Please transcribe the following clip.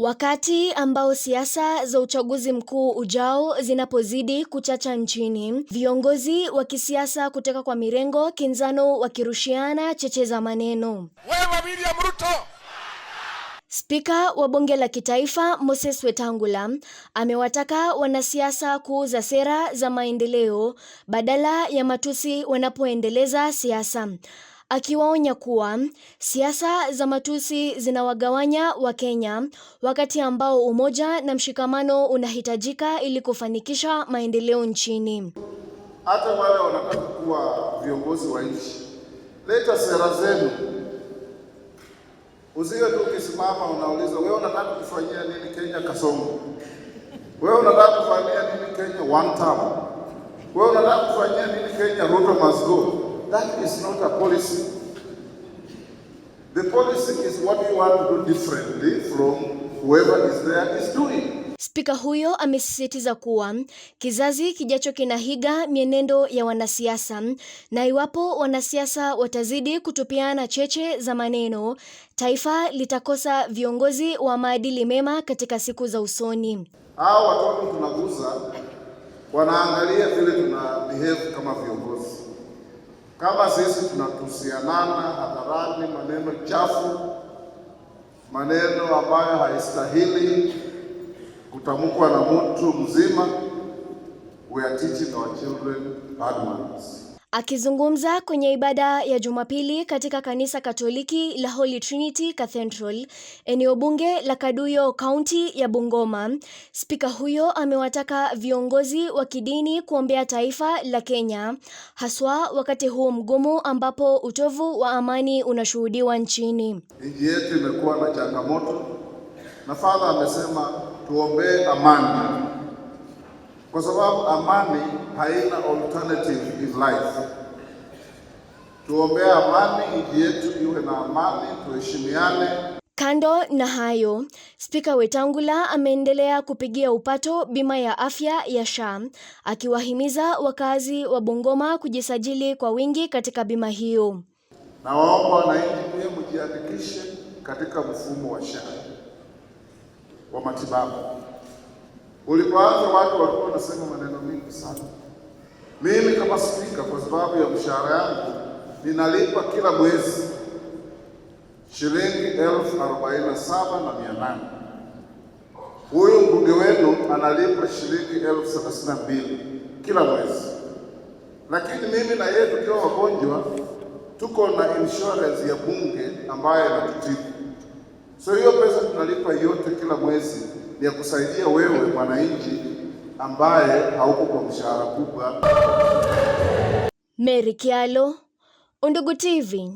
Wakati ambao siasa za uchaguzi mkuu ujao zinapozidi kuchacha nchini, viongozi wa kisiasa kutoka kwa mirengo kinzano wakirushiana cheche za maneno. Wewe William Ruto Spika wa bunge la kitaifa Moses Wetangula amewataka wanasiasa kuuza sera za maendeleo badala ya matusi wanapoendeleza siasa akiwaonya kuwa siasa za matusi zinawagawanya Wakenya wakati ambao umoja na mshikamano unahitajika ili kufanikisha maendeleo nchini. Hata wale wanataka kuwa viongozi wa nchi, leta sera zenu, uziwe tu ukisimama unauliza, wewe unataka kufanyia nini Kenya Kasongo? Wewe unataka kufanyia nini Kenya one term? Wewe unataka kufanyia nini Kenya Ruto must go? That is not a policy. The policy is what you want to do differently from whoever is there is doing. Spika huyo amesisitiza kuwa kizazi kijacho kinahiga mienendo ya wanasiasa na iwapo wanasiasa watazidi kutupiana cheche za maneno, taifa litakosa viongozi wa maadili mema katika siku za usoni. Hao watoto tunaguza wanaangalia vile tuna behave kama viongozi. Kama sisi tunatusianana hadharani maneno chafu, maneno ambayo haistahili kutamkwa na mtu mzima, we are teaching our children bad manners. Akizungumza kwenye ibada ya Jumapili katika kanisa Katoliki la Holy Trinity Cathedral, eneo bunge la Kaduyo, kaunti ya Bungoma, spika huyo amewataka viongozi wa kidini kuombea taifa la Kenya, haswa wakati huu mgumu ambapo utovu wa amani unashuhudiwa nchini. Nchi yetu imekuwa na changamoto na Father amesema tuombee amani kwa sababu amani haina alternative in life. Tuombea amani, nchi yetu iwe na amani, tuheshimiane. Kando na hayo, Spika Wetangula ameendelea kupigia upato bima ya afya ya SHA, akiwahimiza wakazi wa Bungoma kujisajili kwa wingi katika bima hiyo. Na waomba wananchi pia mjiandikishe katika mfumo wa SHA wa matibabu. Ulipoanza watu walikuwa wanasema maneno mengi sana. Mimi spika kwa sababu ya mshahara yangu ninalipa kila mwezi shilingi elfu arobaini na saba na mia nane. Huyu mbunge wenu analipa shilingi elfu thelathini na mbili kila mwezi, lakini mimi na yeye tukiwa wagonjwa tuko na insurance ya bunge ambayo inatutibu, so hiyo pesa tunalipa yote kila mwezi ni ya kusaidia wewe mwananchi ambaye hauko kwa mshahara kubwa. Mary Kyallo, Undugu TV.